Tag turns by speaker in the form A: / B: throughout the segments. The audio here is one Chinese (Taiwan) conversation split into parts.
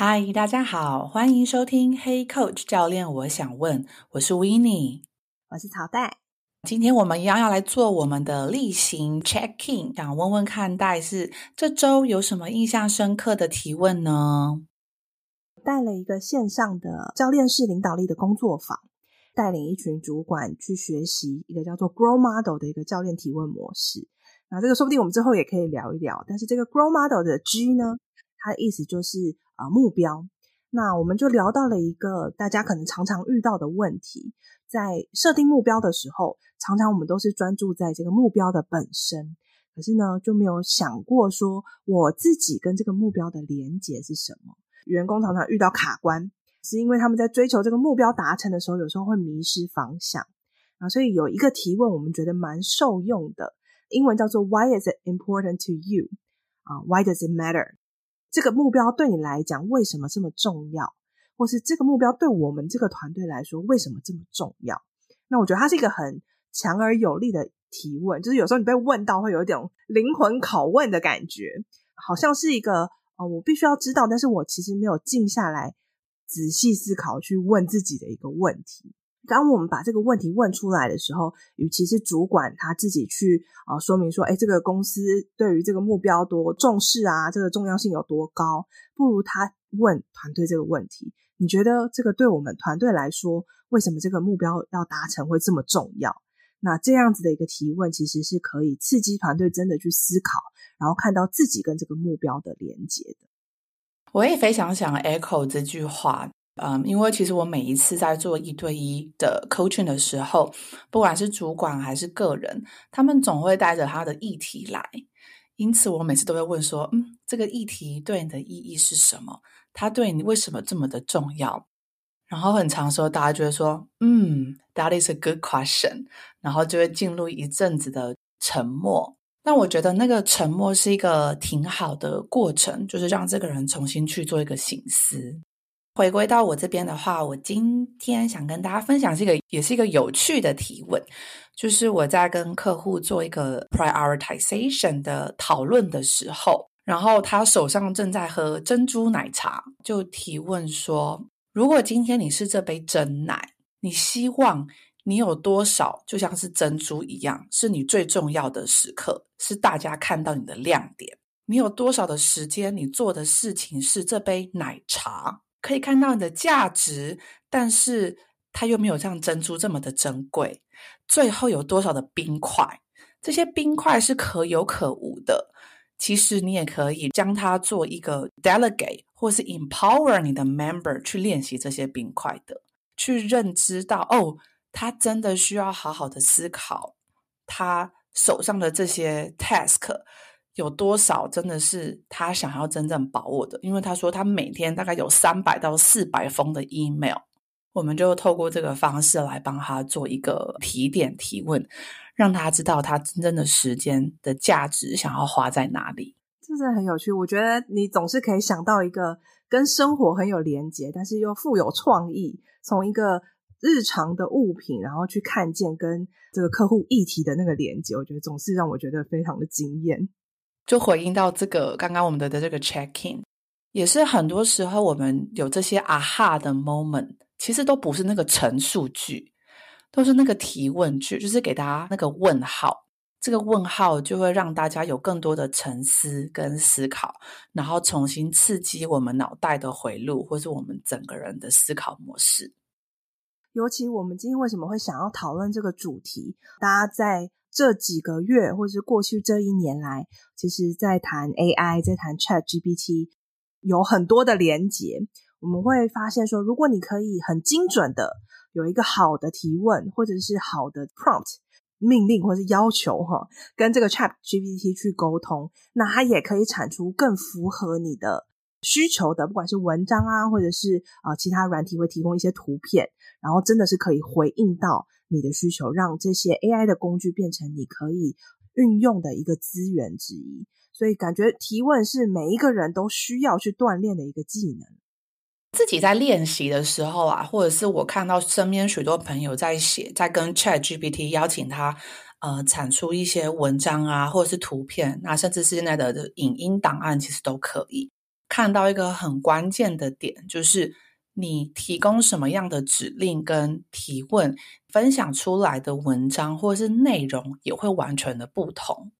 A: 嗨，大家好，歡迎收聽 Hey Coach 教練。我想問，我是 w i n n e 我是曹代。今天我們一樣要來做我們的例行 checking，想問問看待是這周有什麼印象深刻的提問呢？帶了一
B: 個線上的教練式領導力的工作坊，帶領一群主管去學習一個叫做 Grow Model 的一個教練提問模式。那這個說不定我們之後也可以聊一聊。但是這個 Grow Model 的 G 呢，它的意思就是。啊，目標。那我們就聊到了一個大家可能常常遇到的問題，在設定目標的時候，常常我們都是專注在這個目標的本身，可是呢，就沒有想過說我自己跟這個目標的連接是什麼。員工常常遇到卡關，是因為他們在追求這個目標達成的時候，有時候會迷失方向啊。所以有一個提問，我們覺得蠻受用的，英文叫做 “Why is it important to you？” 啊，uh，“Why does it matter？” 這個目標對你來講為什麼這麼重要，或是這個目標對我們這個團隊來說為什麼這麼重要？那我覺得它是一個很強而有力的提問，就是有時候你被問到會有一種靈魂拷問的感覺，好像是一個呃、哦，我必須要知道，但是我其實沒有靜下來仔細思考去問自己的一個問題。當我們把這個問題問出來的時候，與其是主管他自己去啊、呃、說明說，哎，這個公司對於這個目標多重視啊，這個重要性有多高，不如他問團隊這個問題。你覺得這個對我們團隊來說，為什麼這個目標要達成會這麼重要？那這樣子的一個提問，其實是可以刺激團隊真的去思考，然後看
A: 到自己跟這個目標的連接的。我也非常想 echo 這句話。嗯，um，因為其實我每一次在做一對一的 coaching 的時候，不管是主管還是個人，他們總會帶着他的議題來。因此，我每次都會問說：“嗯，這個議題對你的意義是什麼？他對你為什麼這麼的重要？”然後，很常時候大家就會說：“嗯，that is a good question。”然後就會進入一陣子的沉默。那我覺得那個沉默是一個挺好的過程，就是讓這個人重新去做一個省思。回歸到我這邊的話，我今天想跟大家分享是一個，也是一個有趣的提問，就是我在跟客戶做一個 prioritization 的討論的時候，然後他手上正在喝珍珠奶茶，就提問說：如果今天你是這杯珍奶，你希望你有多少，就像是珍珠一樣，是你最重要的時刻，是大家看到你的亮點，你有多少的時間，你做的事情是這杯奶茶，可以看到你的價值，但是它又沒有像珍珠這麼的珍貴。最後有多少的冰塊？這些冰塊是可有可無的。其實你也可以將它做一個 delegate，或是 empower 你的 member 去練習這些冰塊的，去認知到哦，他真的需要好好的思考他手上的這些 task。有多少真的是他想要真正把握的？因為他說他每天大概有三百到四百封的 email，我們就透過這個方式來幫他做一個提點提問，讓他知道他真正的時間的價值想要花在哪裡。
B: 這真的很有趣。我覺得你總是可以想到一個跟生活很有連接，但是又富有創意，從一個日常的物品，然後去看見跟這個客戶議題的那個連接，我覺得總是讓我覺得非常的驚艷。就回應
A: 到這個剛剛我們的的這個 check-in，也是很多時候我們有這些啊哈的 moment，其實都不是那個陳述句，都是那個提問句，就是給大家那個問號，這個問號就會讓大家有更多的沉思跟思考，然後重新刺激我們腦袋的回路，或是我們整個人的思考模式。
B: 尤其我們今天為什麼會想要討論這個主題，大家在，這幾個月，或是過去這一年來，其實，在談 AI，在談 ChatGPT，有很多的連接。我們會發現說，如果你可以很精準的有一個好的提問，或者是好的 prompt 命令，或是要求哈，跟這個 ChatGPT 去溝通，那它也可以產出更符合你的。需求的，不管是文章啊，或者是啊、呃、其他軟體會提供一些圖片，然後真的是可以回應到你的需求，讓這些 AI 的工具變成你可以運用的一個資源之一。所以，感覺提問是每一個人都需要去鍛鍊的一個技能。
A: 自己在練習的時候啊，或者是我看到身邊許多朋友在寫，在跟 ChatGPT 邀請他呃產出一些文章啊，或者是圖片，那甚至是現在的影音檔案，其實都可以。看到一個很關鍵的點，就是你提供什麼樣的指令跟提問，分享出來的文章或者是內容也會完全的不同。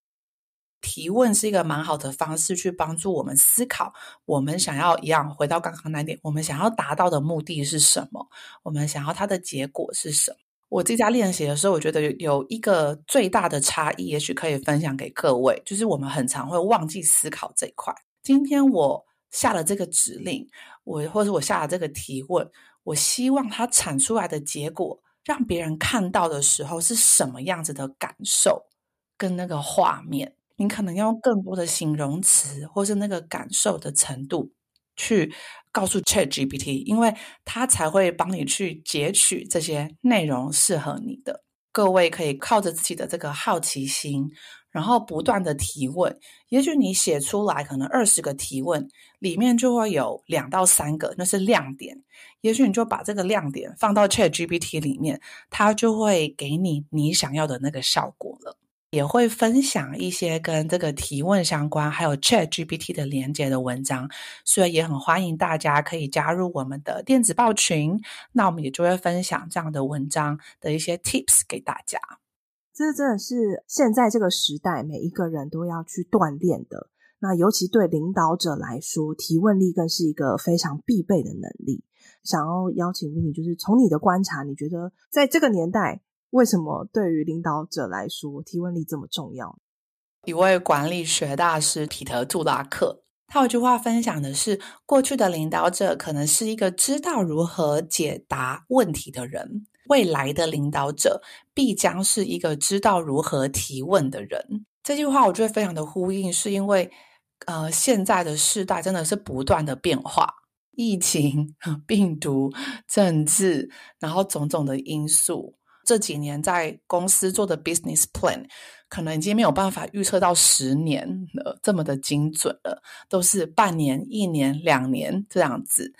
A: 提問是一個蠻好的方式去幫助我們思考，我們想要一樣回到剛剛那一點，我們想要達到的目的是什麼？我們想要它的結果是什麼？我自己在練習的時候，我覺得有一個最大的差異，也許可以分享給各位，就是我們很常會忘記思考這一塊。今天我。下了這個指令，我或者我下了這個提問，我希望它產出來的結果讓別人看到的時候是什麼樣子的感受跟那個畫面，你可能要用更多的形容詞，或是那個感受的程度去告訴 ChatGPT，因為它才會幫你去截取這些內容適合你的。各位可以靠着自己的這個好奇心。然後不斷的提問，也許你寫出來可能二十個提問裡面就會有兩到三個，那是亮點。也許你就把這個亮點放到 ChatGPT 裡面，它就會給你你想要的那個效果了。也會分享一些跟這個提問相關，還有 ChatGPT 的連接的文章，所以也很歡迎大家可以加入我們的電子報群，那我們也就會分享這樣的文章的一些 tips 給大家。
B: 這真的是現在這個時代每一個人都要去鍛鍊的。那尤其對領導者來說，提問力更是一個非常必備的能力。想要邀請你，就是從你的觀察，你覺得在這個年代，為什麼對
A: 於領導者來說，提問力這麼重要？一位管理學大師彼得·杜拉克，他有句話分享的是：過去的領導者可能是一個知道如何解答問題的人。未來的領導者必將是一個知道如何提問的人。這句話我覺得非常的呼應，是因為呃，現在的世代真的是不斷的變化，疫情、病毒、政治，然後種種的因素，這幾年在公司做的 business plan，可能已經沒有辦法預測到十年了，這麼的精準了，都是半年、一年、兩年這樣子。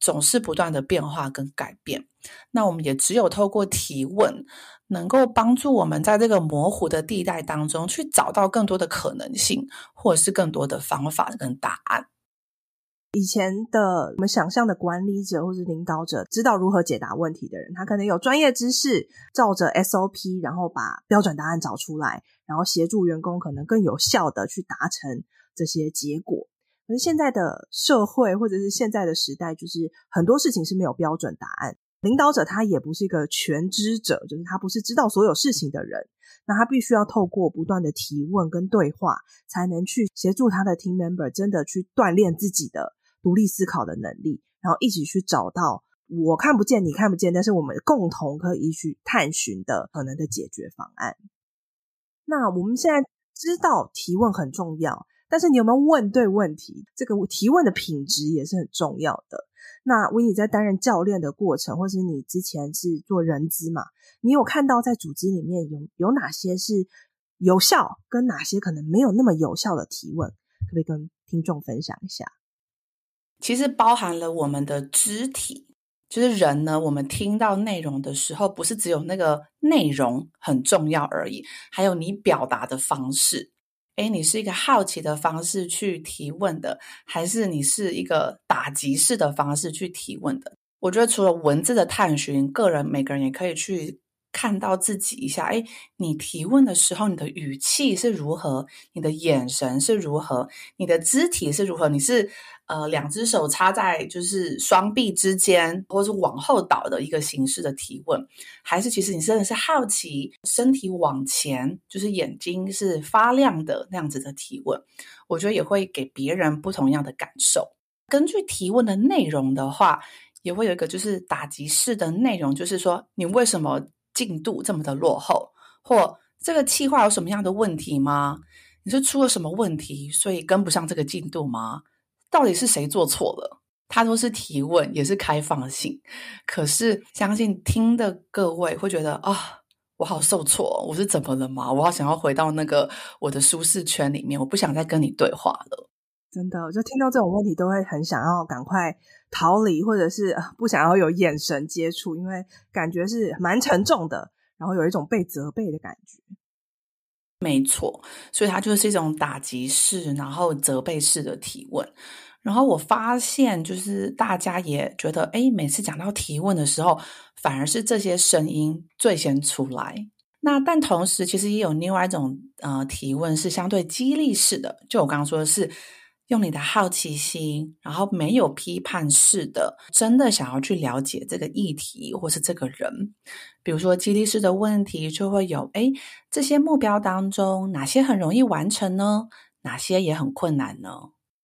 A: 總是不斷的變化跟改變，那我們也只有透過提問，能夠幫助我們在這個模糊的地帶當中，去找到更多的可能性，或者是更多的方法跟答案。
B: 以前的我們想象的管理者或是領導者，知道如何解答問題的人，他可能有專業知識，照着 SOP，然後把標準答案找出來，然後協助員工可能更有效的去達成這些結果。可是現在的社會，或者是現在的時代，就是很多事情是沒有標準答案。領導者他也不是一個全知者，就是他不是知道所有事情的人。那他必須要透過不斷的提問跟對話，才能去協助他的 team member 真的去鍛鍊自己的獨立思考的能力，然後一起去找到我看不見、你看不見，但是我們共同可以去探尋的可能的解決方案。那我們現在知道提問很重要。但是你有沒有問對問題？這個提問的品質也是很重要的。那 Winnie 在擔任教練的過程，或是你之前是做人資嘛？你有看到在組織裡面有有哪些是有效，跟哪些可能沒有那麼有效的提問，可不可以跟聽
A: 眾分享一下？其實包含了我們的肢體，就是人呢，我們聽到內容的時候，不是只有那個內容很重要而已，還有你表達的方式。哎，你是一個好奇的方式去提問的，還是你是一個打擊式的方式去提問的？我覺得除了文字的探尋，個人每個人也可以去看到自己一下。哎，你提問的時候，你的語氣是如何？你的眼神是如何？你的肢體是如何？你是。呃，兩隻手插在就是雙臂之間，或者往後倒的一個形式的提問，還是其實你真的是好奇，身體往前，就是眼睛是發亮的那樣子的提問，我覺得也會給別人不同樣的感受。根據提問的內容的話，也會有一個就是打擊式的內容，就是說你為什麼進度這麼的落後，或這個計劃有什麼樣的問題嗎？你是出了什麼問題，所以跟不上這個進度嗎？到底是誰做錯了？他都是提問，也是開放性。可是相信聽的各位會覺得啊，我好受挫，我是怎麼了嘛？我好想要回到那個我的舒適圈裡面，我不想再跟你對話
B: 了。真的，我就聽到這種問題，都會很想要趕快逃離，或者是不想要有眼神接觸，因為感覺是蠻沉重的，然後有一種被責
A: 備的感覺。沒錯，所以它就是一種打擊式，然後責備式的提問。然後我發現，就是大家也覺得，哎，每次講到提問的時候，反而是這些聲音最先出來。那但同時，其實也有另外一種呃提問是相對激勵式的，就我剛剛說的是。用你的好奇心，然後沒有批判式的，真的想要去了解這個議題或是這個人。比如說激勵式的問題，就會有：誒，這些目標當中，哪些很容易完成呢？哪些也很困難呢？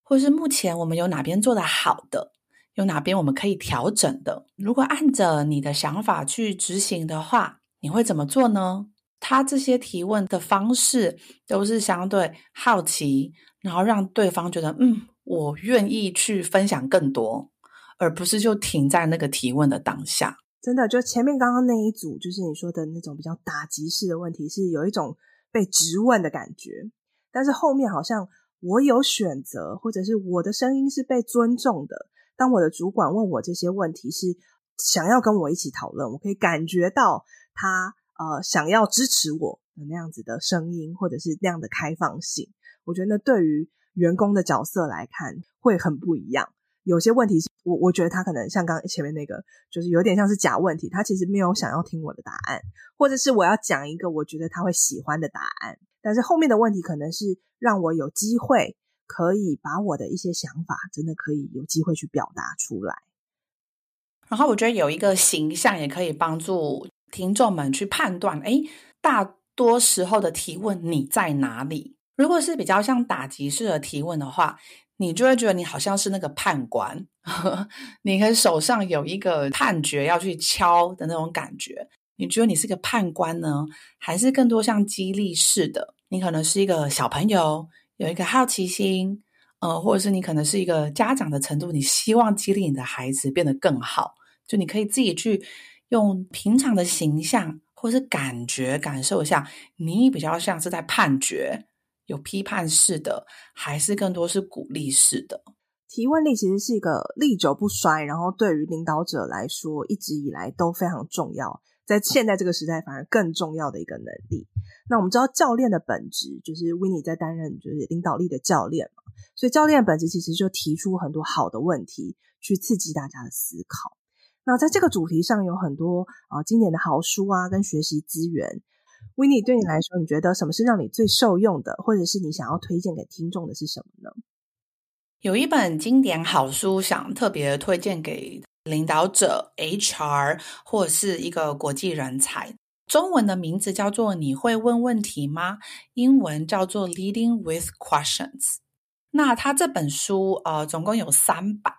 A: 或是目前我們有哪邊做得好的，有哪邊我們可以調整的？如果按着你的想法去執行的話，你會怎麼做呢？他這些提問的方式都是相對好奇，然後讓對方覺得嗯，我願意去分享更多，而不是就停在那個提問的當下。
B: 真的，就前面剛剛那一組，就是你說的那種比較打擊式的問題，是有一種被質問的感覺。但是後面好像我有選擇，或者是我的聲音是被尊重的。當我的主管問我這些問題，是想要跟我一起討論，我可以感覺到他。呃，想要支持我的那樣子的聲音，或者是那樣的開放性，我覺得那對於員工的角色來看會很不一樣。有些問題是我，我覺得他可能像剛前面那個，就是有點像是假問題，他其實沒有想要聽我的答案，或者是我要講一個我覺得他會喜歡的答案。但是後面的問題可能是讓我有機會可以把我的一些想法，真的可以有機會去表達出來。
A: 然後我覺得有一個形象也可以幫助聽眾們去判斷，誒，大多時候的提問，你在哪裡？如果是比較像打擊式的提問的話，你就會覺得你好像是那個判官， 你的手上有一個判決要去敲的那種感覺。你覺得你是個判官呢，還是更多像激勵式的？你可能是一個小朋友，有一個好奇心，呃，或者是你可能是一個家長的程度，你希望激勵你的孩子變得更好，就你可以自己去用平常的形象或是感覺感受一下，你比較像是在判決，有批判式的，還是更多是鼓勵式的？
B: 提問力其實是一個歷久不衰，然後對於領導者來說，一直以來都非常重要，在現在這個時代反而更重要的一個能力。那我們知道，教練的本質就是 Winnie 在擔任就是領導力的教練嘛，所以教練的本質其實就提出很多好的問題，去刺激大家的思考。那在這個主題上有很多啊經典的好書啊跟學習資源。Winnie，對你來說，你覺得什麼是讓你最受用的，或者是你想要推薦給聽眾的是什麼呢？
A: 有一本經典好書，想特別推薦給領導者、HR 或者是一個國際人才。中文的名字叫做《你會問問題嗎》，英文叫做《Leading with Questions》。那他這本書呃總共有三版。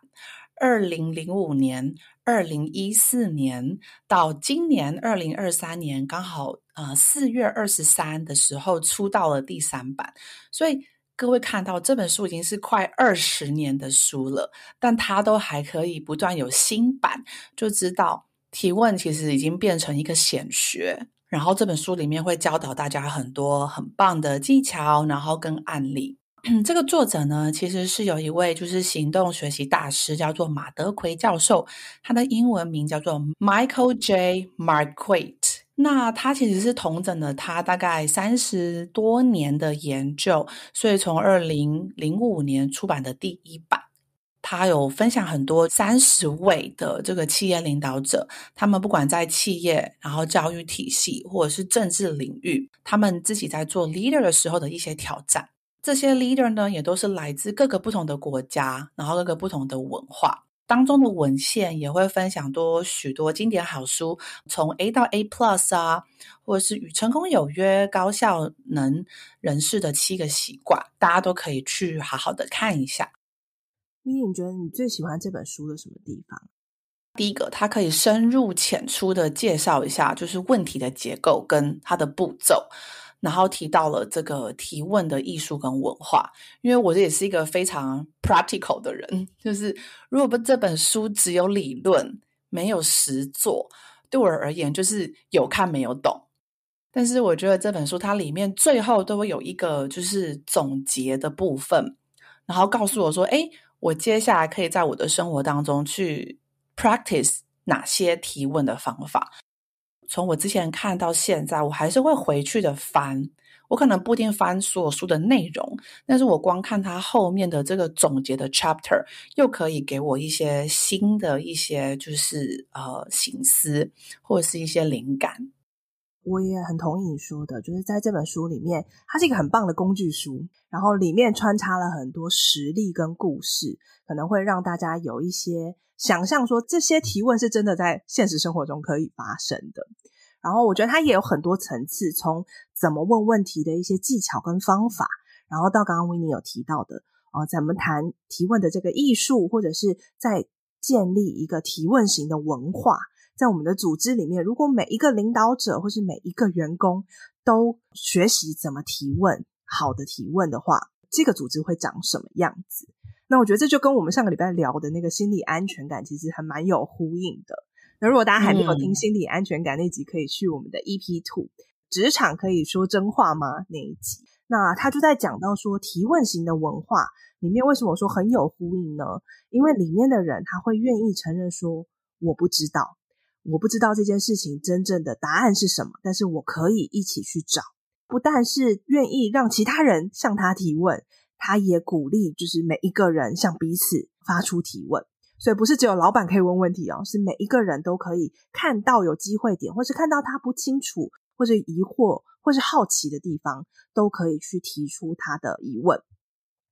A: 二零零五年、二零一四年到今年二零二三年，剛好呃四月二十三的時候出到了第三版，所以各位看到這本書已經是快二十年的書了，但它都還可以不斷有新版，就知道提問其實已經變成一個顯學。然後這本書裡面會教導大家很多很棒的技巧，然後跟案例。這個作者呢，其實是有一位就是行動學習大師，叫做馬德奎教授，他的英文名叫做 Michael J. Marquardt。那他其實是統整了他大概三十多年的研究，所以從二零零五年出版的第一版，他有分享很多三十位的這個企業領導者，他們不管在企業、然後教育體系或者是政治領域，他們自己在做 leader 的時候的一些挑戰。這些 leader 呢，也都是來自各個不同的國家，然後各個不同的文化當中的文獻也會分享多許多經典好書，從 A 到 A Plus 啊，或者是與成功有約高效能人士的七個習慣，大家都可以去好好的看一下。Winnie，你覺得你最
B: 喜歡這本書的什麼
A: 地方？第一個，它可以深入淺出的介紹一下，就是問題的結構跟它的步驟。然後提到了這個提問的藝術跟文化，因為我這也是一個非常 practical 的人，就是如果不這本書只有理論沒有實作，對我而言就是有看沒有懂。但是我覺得這本書它裡面最後都會有一個就是總結的部分，然後告訴我說：“哎，我接下來可以在我的生活當中去 practice 哪些提問的方法。”從我之前看到現在，我還是會回去的翻。我可能不一定翻所有書的內容，但是我光看它後面的這個總結的 chapter，又可以給我一些新的一些就是呃，心思或者是一些靈感。我也很同意你說
B: 的，就是在這本書裡面，它是一個很棒的工具書，然後裡面穿插了很多實例跟故事，可能會讓大家有一些想象說，說這些提問是真的在現實生活中可以發生的。然後我覺得它也有很多層次，從怎麼問問題的一些技巧跟方法，然後到剛剛 Winnie 有提到的，哦，怎麼談提問的這個藝術，或者是在建立一個提問型的文化。在我們的組織裡面，如果每一個領導者或是每一個員工都學習怎麼提問，好的提問的話，這個組織會長什麼樣子？那我覺得這就跟我們上個禮拜聊的那個心理安全感其實還蠻有呼應的。那如果大家還沒有聽心理安全感那集，可以去我們的 EP 2，職場可以說真話嗎？那一集，那他就在講到說提問型的文化裡面，為什麼說很有呼應呢？因為裡面的人他會願意承認說我不知道。我不知道這件事情真正的答案是什麼，但是我可以一起去找。不但是願意讓其他人向他提問，他也鼓勵，就是每一個人向彼此發出提問。所以不是只有老板可以問問題哦，是每一個人都可以看到有機會點，或是看到他不清楚、或是疑惑、或是好奇的地方，都可以去提出他的疑問。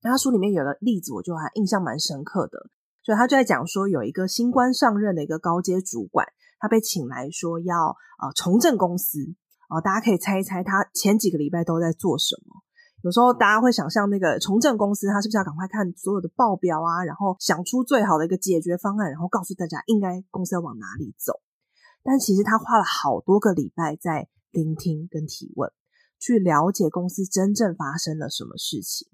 B: 那他書裡面有個例子，我就還印象蠻深刻的，所以他就在講說，有一個新官上任的一個高階主管。他被請來說要呃重振公司，呃，大家可以猜一猜他前幾個禮拜都在做什麼？有時候大家會想象那個重振公司，他是不是要趕快看所有的報表啊，然後想出最好的一個解決方案，然後告訴大家應該公司要往哪裡走？但其實他花了好多個禮拜在聆聽跟提問，去了解公司真正發生了什麼事情。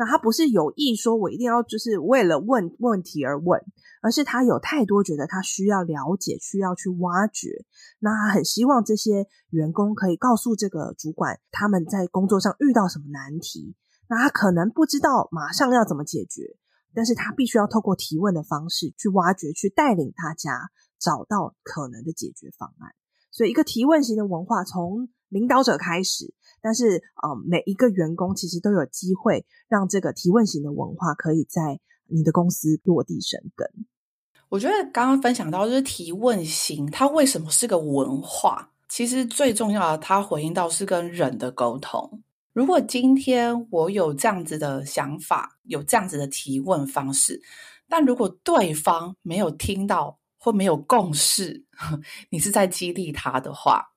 B: 那他不是有意說我一定要就是為了問問題而問，而是他有太多覺得他需要了解、需要去挖掘。那他很希望這些員工可以告訴這個主管他們在工作上遇到什麼難題。那他可能不知道馬上要怎麼解決，但是他必須要透過提問的方式去挖掘、去帶領大家找到可能的解決方案。所以，一個提問型的文化從領導者開始。但是啊、嗯，每一個員工其實都有機會讓這個提問型的文化可以在你的公司落地生根。
A: 我覺得剛剛分享到就是提問型，它為什麼是個文化？其實最重要的，它回應到是跟人的溝通。如果今天我有這樣子的想法，有這樣子的提問方式，但如果對方沒有聽到或沒有共識，你是在激勵他的話。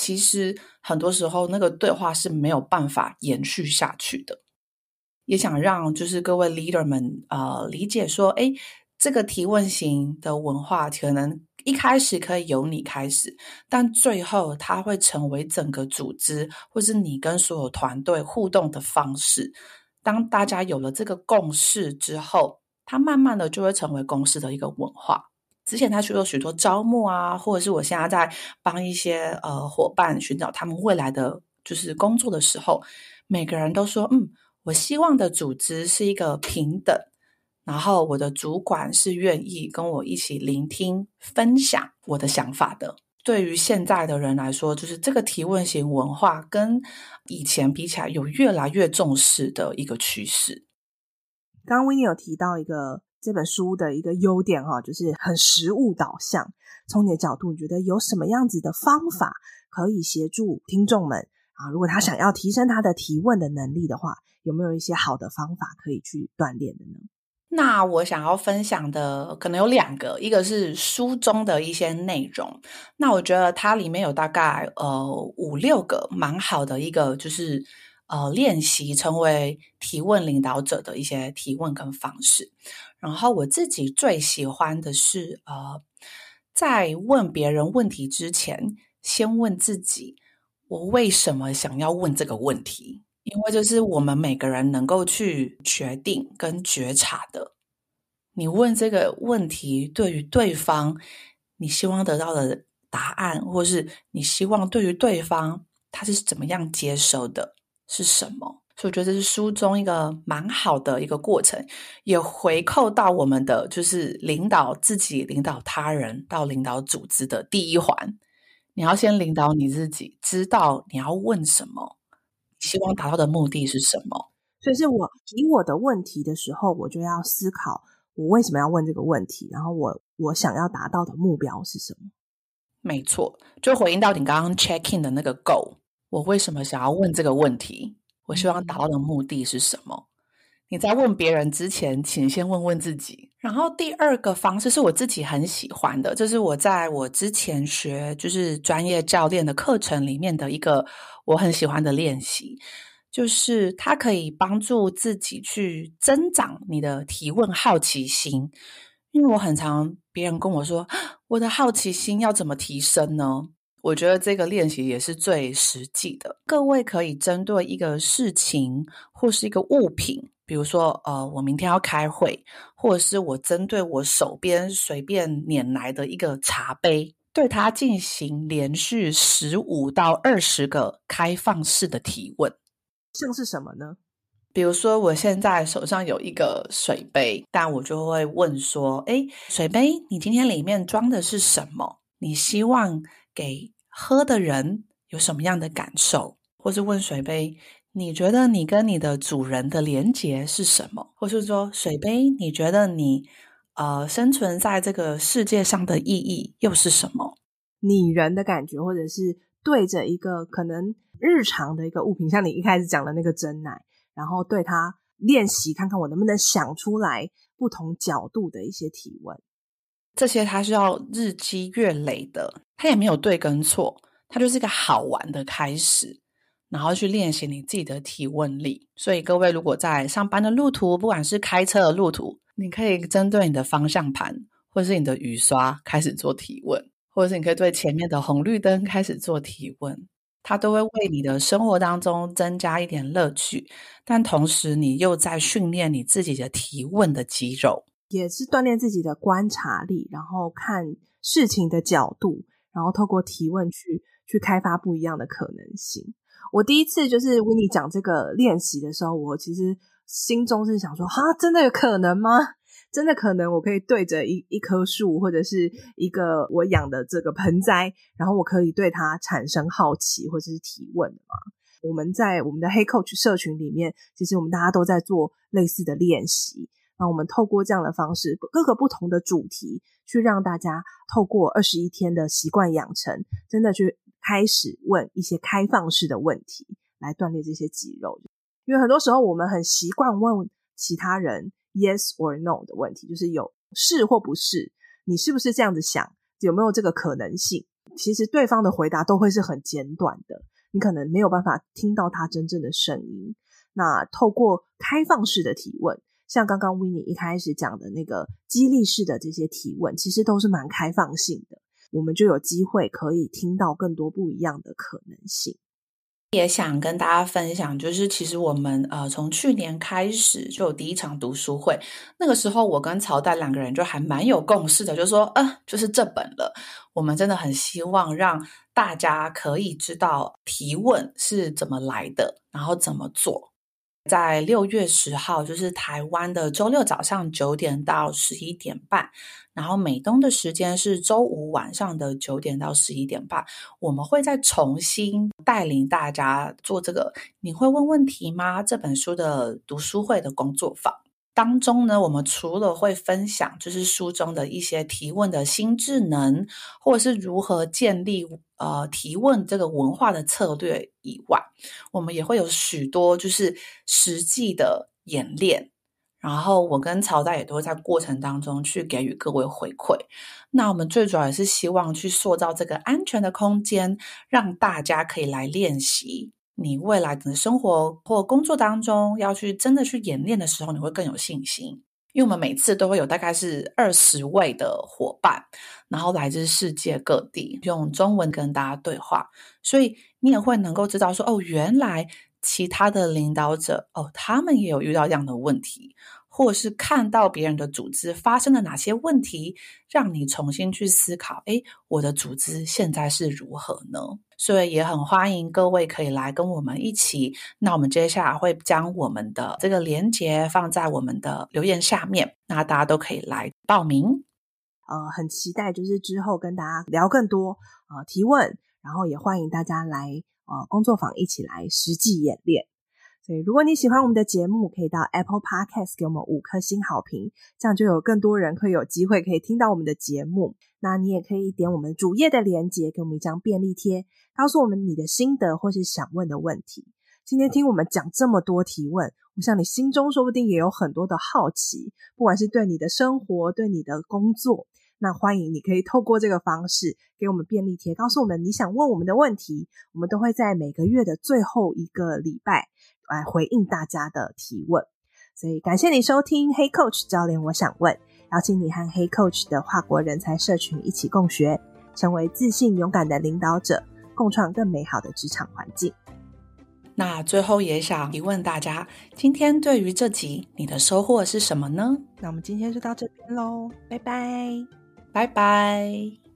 A: 其實很多時候，那個對話是沒有辦法延續下去的。也想讓就是各位 leader 們，呃，理解說，哎，這個提問型的文化，可能一開始可以由你開始，但最後它會成為整個組織，或是你跟所有團隊互動的方式。當大家有了這個共識之後，它慢慢的就會成為公司的一個文化。之前他去做許多招募啊，或者是我現在在幫一些呃夥伴尋找他們未來的就是工作的時候，每個人都說嗯，我希望的組織是一個平等，然後我的主管是願意跟我一起聆聽、分享我的想法的。對於現在的人來說，就是這個提問型文化跟以前比起來，有越來越重視的一個趨勢。
B: 剛剛 Winnie 有提到一個。這本書的一個優點哈、哦，就是很實務導向。從你的角度，你覺得有什麼樣子的方法可以協助聽眾們啊？如果他想要提升他的提問的能力的話，有沒有一些好的方法可以去鍛鍊的呢？
A: 那我想要分享的可能有兩個，一個是書中的一些內容。那我覺得它裡面有大概呃五六個蠻好的一個，就是呃練習成為提問領導者的一些提問跟方式。然後我自己最喜歡的是，呃，在問別人問題之前，先問自己：我為什麼想要問這個問題？因為就是我們每個人能夠去決定跟覺察的，你問這個問題，對於對方，你希望得到的答案，或是你希望對於對方他是怎麼樣接收的，是什麼？所以我覺得這是書中一個蠻好的一個過程，也回扣到我們的就是領導自己、領導他人到領導組織的第一環。你要先領導你自己，知道你要問什麼，希望達到的目的是什麼。嗯、所以是我提我的問題的
B: 時候，我就要思考我為什麼要問這個問題，然後我我想要達到的目
A: 標是什麼。沒錯，就回應到你剛剛 check-in 的那個 goal，我為什麼想要問這個問題？我希望達到的目的是什麼？你在問別人之前，請先問問自己。然後第二個方式是我自己很喜歡的，就是我在我之前學就是專業教練的課程裡面的一個我很喜歡的練習，就是它可以幫助自己去增長你的提問好奇心。因為我很常別人跟我說，我的好奇心要怎麼提升呢？我覺得這個練習也是最實際的。各位可以針對一個事情或是一個物品，比如說，呃，我明天要開會，或者是我針對我手邊隨便拈來的一個茶杯，對它進行連續十五到二十個開放式的提問，像是什麼呢？比如說，我現在手上有一個水杯，但我就會問說：“哎，水杯，你今天裡面裝的是什麼？你希望？”給喝的人有什麼樣的感受，或是問水杯，你覺得你跟你的主人的連結是什麼？或是說水杯，你覺得你呃生存在這個世界上的意義又是什麼？
B: 擬人的感覺，或者是對着一個可能日常的一個物品，像你一開始講的那個珍奶，然後對它練習，看看我能不能
A: 想出來不同角度的一些提問。這些它是要日積月累的，它也沒有對跟錯，它就是一個好玩的開始，然後去練習你自己的提問力。所以各位如果在上班的路途，不管是開車的路途，你可以針對你的方向盤或是你的雨刷開始做提問，或者是你可以對前面的紅綠燈開始做提問，它都會為你的生活當中增加一點樂趣，但同時你又在訓練你自己的提問的肌肉。
B: 也是鍛鍊自己的觀察力，然後看事情的角度，然後透過提問去去開發不一樣的可能性。我第一次就是 Winnie 講這個練習的時候，我其實心中是想說：哈，真的有可能嗎？真的可能，我可以對着一一棵樹或者是一個我養的這個盆栽，然後我可以對它產生好奇或者是提問。我們在我們的 Hey Coach 社群裡面，其實我們大家都在做類似的練習。那我們透過這樣的方式，各個不同的主題，去讓大家透過二十一天的習慣養成，真的去開始問一些開放式的問題，來鍛鍊這些肌肉。因為很多時候我們很習慣問其他人 yes or no 的問題，就是有是或不是，你是不是這樣子想，有沒有這個可能性？其實對方的回答都會是很簡短的，你可能沒有辦法聽到他真正的聲音。那透過開放式的提問。像剛剛 Winnie 一開始講的那個激勵式的這些提問，其實都是蠻開放性的，我們就有機會可以聽到更多不一樣的可能性。
A: 也想跟大家分享，就是其實我們呃從去年開始就有第一場讀書會，那個時候我跟曹代兩個人就還蠻有共識的，就說呃就是這本了，我們真的很希望讓大家可以知道提問是怎麼來的，然後怎麼做。在六月十號，就是台灣的周六早上九點到十一點半，然後美東的時間是周五晚上的九點到十一點半，我們會再重新帶領大家做這個“你會問問題嗎”這本書的讀書會的工作坊。當中呢，我們除了會分享就是書中的一些提問的新技能，或者是如何建立呃提問這個文化的策略以外，我們也會有許多就是實際的演練。然後我跟曹代也都會在過程當中去給予各位回饋。那我們最主要也是希望去塑造這個安全的空間，讓大家可以來練習。你未來的生活或工作當中要去真的去演練的時候，你會更有信心，因為我們每次都會有大概是二十位的夥伴，然後來自世界各地，用中文跟大家對話，所以你也會能夠知道說，哦，原來其他的領導者，哦，他們也有遇到這樣的問題。或是看到別人的組織發生了哪些問題，讓你重新去思考，誒，我的組織現在是如何呢？所以也很歡迎各位可以來跟我們一起。那我們接下來會將我們的這個鏈接放在我們的留言下面，那大家都可以來報名。呃，很期待就是之後
B: 跟大家聊更多啊、呃、提問，然後也歡迎大家來啊、呃、工作坊一起來實際演練。對，如果你喜歡我們的節目，可以到 Apple Podcast 給我們五顆星好評，這樣就有更多人可以有機會可以聽到我們的節目。那你也可以點我們主頁的鏈接，給我們一張便利貼，告訴我們你的心得或是想問的問題。今天聽我們講這麼多提問，我想你心中說不定也有很多的好奇，不管是對你的生活、對你的工作，那歡迎你可以透過這個方式給我們便利貼，告訴我們你想問我們的問題。我們都會在每個月的最後一個禮拜。來回應大家的提問，所以感謝你收聽 Hey Coach 教練。我想問，邀請你和 Hey Coach 的跨國人才社群一起共學，成為自信勇敢的領導者，共創更美好的職場環境。
A: 那最後也想提問大家，今天對於這集你的收穫是什麼呢？那我們今天就到這邊嘍，拜拜，拜拜。